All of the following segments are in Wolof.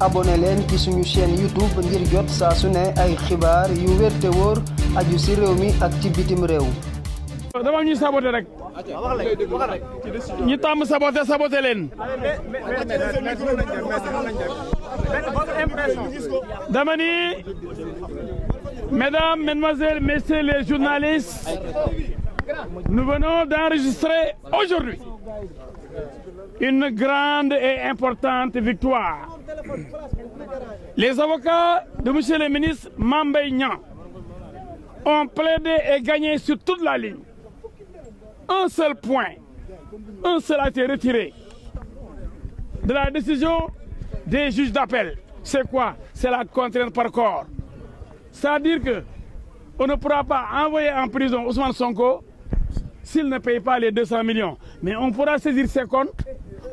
abonné leen ci suñu chaîne YouTube ngir jot saa su ne ay xibaar yu wér te wóor aju si réew mi ak ci bitim réew. dama ñuy saboté rek. ñi tàmm saboté saboté leen. dama ni mesdames, mesdemoiselles, messieurs les journalistes, nous venons d'enregistrer aujourd'hui une grande et importante victoire. Les avocats de monsieur le ministre Mambay Niang ont plaidé et gagné sur toute la ligne. Un seul point, un seul a été retiré de la décision des juges d'appel. C'est quoi? C'est la contrainte par corps. C'est-à-dire que on ne pourra pas envoyer en prison Ousmane Sonko s'il ne paye pas les 200 millions. Mais on pourra saisir ses comptes,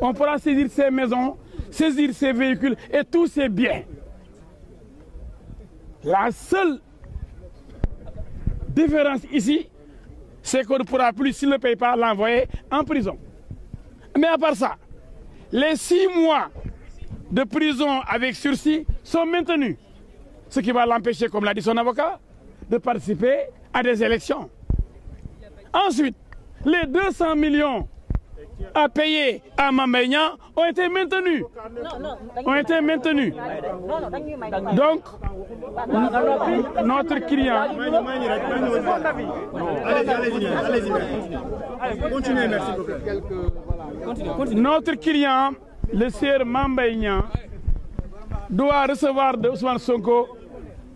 on pourra saisir ses maisons, saisir ces véhicules et tous ces biens. La seule différence ici, c'est qu'on ne pourra plus, s'il ne paye pas, l'envoyer en prison. Mais à ça, les six mois de prison avec sursis sont maintenus, ce qui va l'empêcher, comme l'a dit son avocat, de participer à des élections. Ensuite, les 200 millions à payer à Mambéignan ont été maintenus. Ont été maintenus. Donc, notre client. Notre client, le sieur Mambéignan, doit recevoir de Ousmane Sonko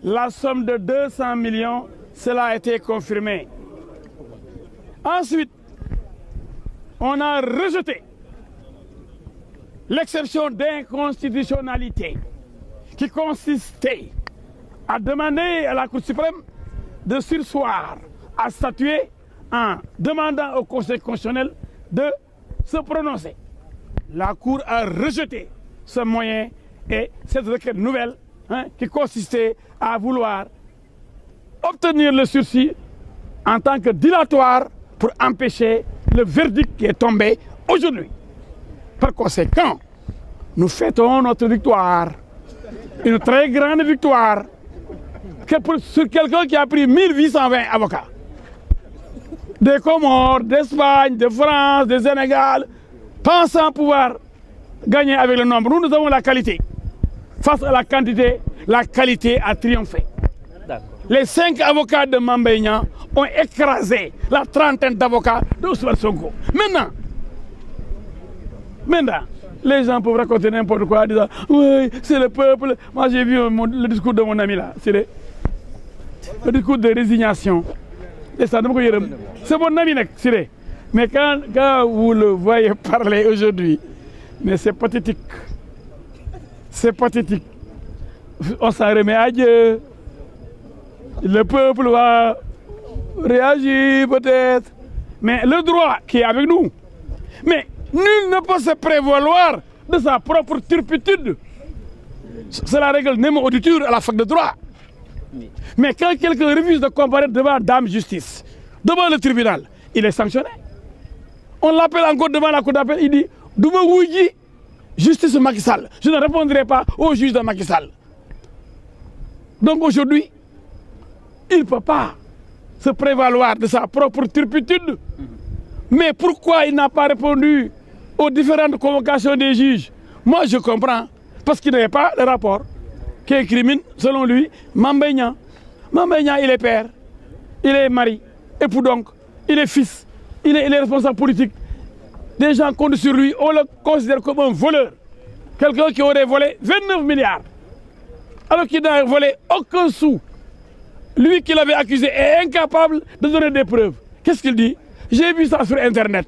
la somme de 200 millions. Cela a été confirmé. on a rejeté l'exception d'inconstitutionnalité qui consistait à demander à la Cour suprême de sursoir à statuer en demandant au Conseil constitutionnel de se prononcer. La Cour a rejeté ce moyen et cette requête nouvelle hein, qui consistait à vouloir obtenir le sursis en tant que dilatoire pour empêcher le verdict qui est tombé aujourd'hui. Par conséquent, nous fêtons notre victoire, une très grande victoire sur quelqu'un qui a pris 1820 Des Comores, d'Espagne, de France, de Sénégal, pensant pouvoir gagner avec le nombre. Nous, nous avons la qualité. Face à la quantité, la qualité a triomphé. Les cinq avocats de Mambeignan ont écrasé la trentaine d'avocats d'Ousmane Sonko. Maintenant, maintenant, les gens peuvent raconter n'importe quoi en disant Oui, c'est le peuple. Moi, j'ai vu mon, le discours de mon ami là. C'est le, discours de résignation. C'est mon ami, c'est Mais quand, quand vous le voyez parler aujourd'hui, mais c'est pathétique. C'est pathétique. On s'en remet à Le peuple va réagit peut-être. Mais le droit qui est avec nous. Mais nul ne peut se prévaloir de sa propre turpitude. C'est la règle nemo auditur à la fac de droit. Mais quand quelqu'un refuse de devant dame justice, devant le tribunal, il est sanctionné. On l'appelle encore devant la cour d'appel, il dit Douma Wouji, justice Macky Sall. Je ne répondrai pas au juge de Macky Sall. Donc aujourd'hui, il peut pas se prévaloir de sa propre turpitude. Mais pourquoi il n'a pas répondu aux différentes convocations des juges Moi, je comprends. Parce qu'il n'avait pas le rapport qui incrimine, selon lui, Mambéignan. Mambéignan, il est père, il est mari, époux donc, il est fils, il est, il est responsable politique. Des gens comptent sur lui, on le considère comme un voleur. Quelqu'un qui aurait volé 29 milliards, alors qu'il n'a volé aucun sou lui qui e accusé est incapable de donner des preuves. Qu'est-ce qu'il dit J'ai vu ça sur Internet.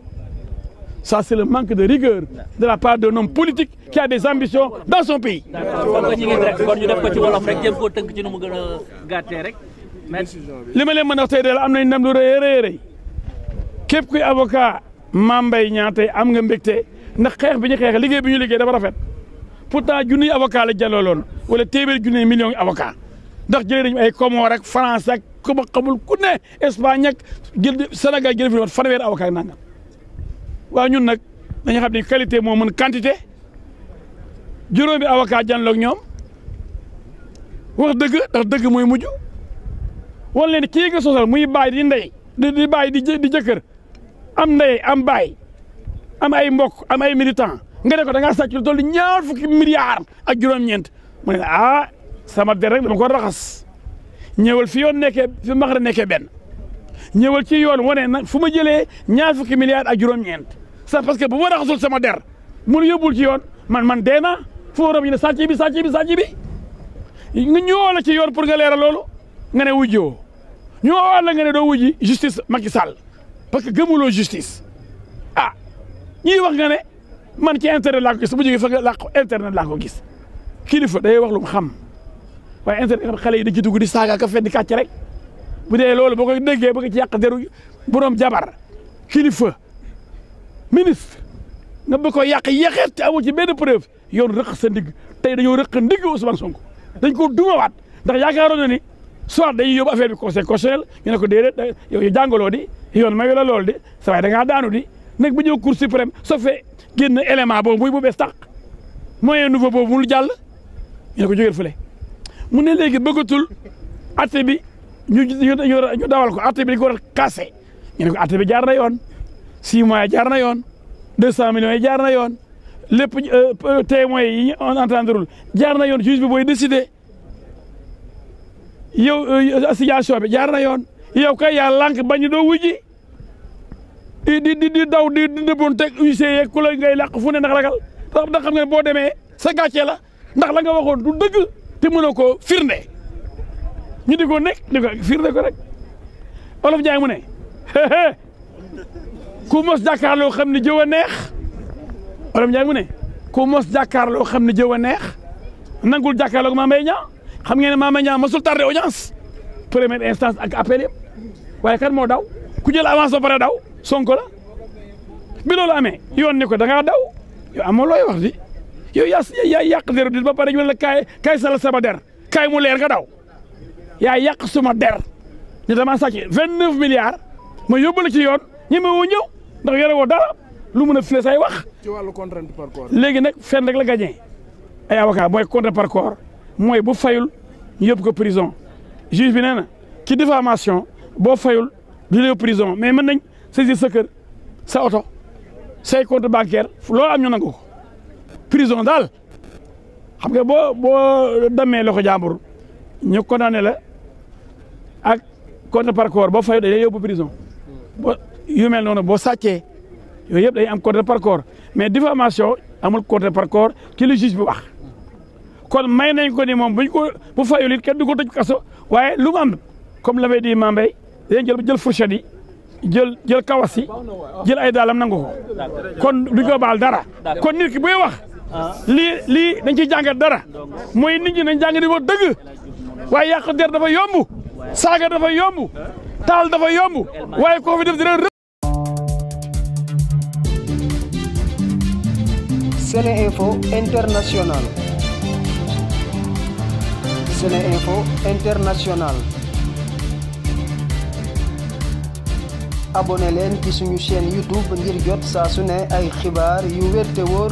Ça, c'est le manque de rigueur de la part d'un homme politique qui a des ambitions dans son pays. li ma leen mën a wax tey de am nañ nam lu rëy rëy rëy képp kuy avocat Mame Mbaye Niang tey am nga mbégte ndax xeex bi ñu xeex liggéey bi ñu liggéey dafa rafet pourtant junniy avocat la jàllaloon wala téeméer junniy million avocat ndax jëlee nañu ay Comores ak France ak ku ma xamul ku ne Espagne ak jël Sénégal jëlee fi wat fanweeri ñun nag dañu xam ne qualité moo mën quantité juróomi avocat janloog ñoom wax dëgg ndax dëgg mooy mujj wan leen kii nga sosal muy baay di ndey di di baay di jëkkër am ndey am baay am ay mbok am ay militant nga ne ko da ngaa sàcc lu fukki milliards ak juróom-ñeent mu ne ah sama der rek dama ko raxas ñëwal fi yoon nekkee fi Maxra nekkee benn ñëwal ci yoon wane nag fu ma jëlee ñaar fukki milliards ak juróom-ñeent sax parce que bu ma raxasul sama der mun yóbbul ci yoon man man dee naa fu ma ñu ne sàcc bi sàcc bi sàcc nga ñëwoo la ci yoon pour nga leeral loolu nga ne wujjoo ñëwoo la nga ne doo wujji justice Macky Sall parce que gëmuloo justice a ah, ñuy wax nga ne man ci internet laa ko gis bu jógee fa nga laa ko internet laa ko gis kilifa day wax lu xam. waaye internet xale yi dañ ci dugg di saaga ka fenn kàcc rek bu dee loolu boo ko déggee ba nga ci yàq deru borom jabar kilifa ministre nga bëgg ko yàq yéexeet te amu ci benn preuve yoon rëq sa ndigg tey dañoo rëq ndigg Ousmane Sonko dañ ko dumawaat ndax yaakaaroon na ni soit dañuy yóbbu affaire bi conseil ne ko déedéet yow jàngaloo di yoon mayu la lool di sa waay da ngaa daanu di nag bu ñëw cour suprême soo fee génn élément boobu muy bu bees tàq moyen nouveau boobu mu jàll ñu ko jógeel mu ne léegi bëggatul atte bi ñu ñu dawal ko atte bi dañ ko war a casser ñu ne ko atte bi jaar na yoon six mois yi jaar na yoon deux cent millions yi jaar na yoon lépp euh, témoins yi on entendrul jaar na yoon juge bi booy décider yow euh, situation bi jaar na yoon yow kay yaa lànk bañu doo wujji di di di daw di di dëbboon teg huissier yeeg ku la ngay làq fu ne ndax ragal ndax xam nga boo demee sa gàccee la ndax la nga waxoon du dëgg te mënoo koo firnde ñu di ko nekk di ko firnde ko rek olof Njaay mu ne ku mos jàkkaarloo xam ne jëw a neex olof Njaay mu ne ku mos jàkkaarloo xam ne jëw wa neex nangul jàkkaarloo Mame Mbaye Niang xam ngeen ne Mame Mbaye Niang mosul tardé audience première instance ak appel yëpp waaye kan moo daw ku jël avance ba pare daw Sonko la bi loolu amee yoon ko da ngaa daw yow amoo looy wax di yow yaa yaa yàq deru nit ba pare ñu la kaay kaay sala sama der kaay mu leer nga daw yaa yàq suma der ne damaa sàcc vingt neuf milliards ma yóbbu ci yoon ñi ma woo ñëw ndax yore woo dara lu mun a file say wax. ci wàllu contrainte par léegi nag fen rek la gagné ay avocat booy contrainte par corps mooy bu fayul ñu ko prison juge bi nee na ci boo fayul du la prison mais mën nañ saisir sa kër sa oto say compte bancaire loolu am ñu nangu ko. prison daal xam nga boo boo demee loxo jàmbur ñu condamné la ak compte par corps boo fay day yóbbu prison boo yu noonu boo sàccee yooyu yëpp dañuy am compte par corps mais diffamation amul compte par corps ki le juge bi wax kon may nañ ko ni moom buñ ko bu fayul it kenn du ko tëj kaso waaye lu mu am comme l'avait dit Mambay dañ jël jël fourchette jël jël kawas yi jël ay daalam nangu ko kon duñ dara kon nit ki buy wax lii lii dañ ci jàngat dara mooy nit ñi nañ jàng di ko dëgg waaye yàq der dafa yomb saaga dafa yomb taal dafa yomb waaye koo fi def dina rë Sene Info International Sene leen ci suñu chaîne YouTube ngir jot saa su ne ay xibaar yu wér te wóor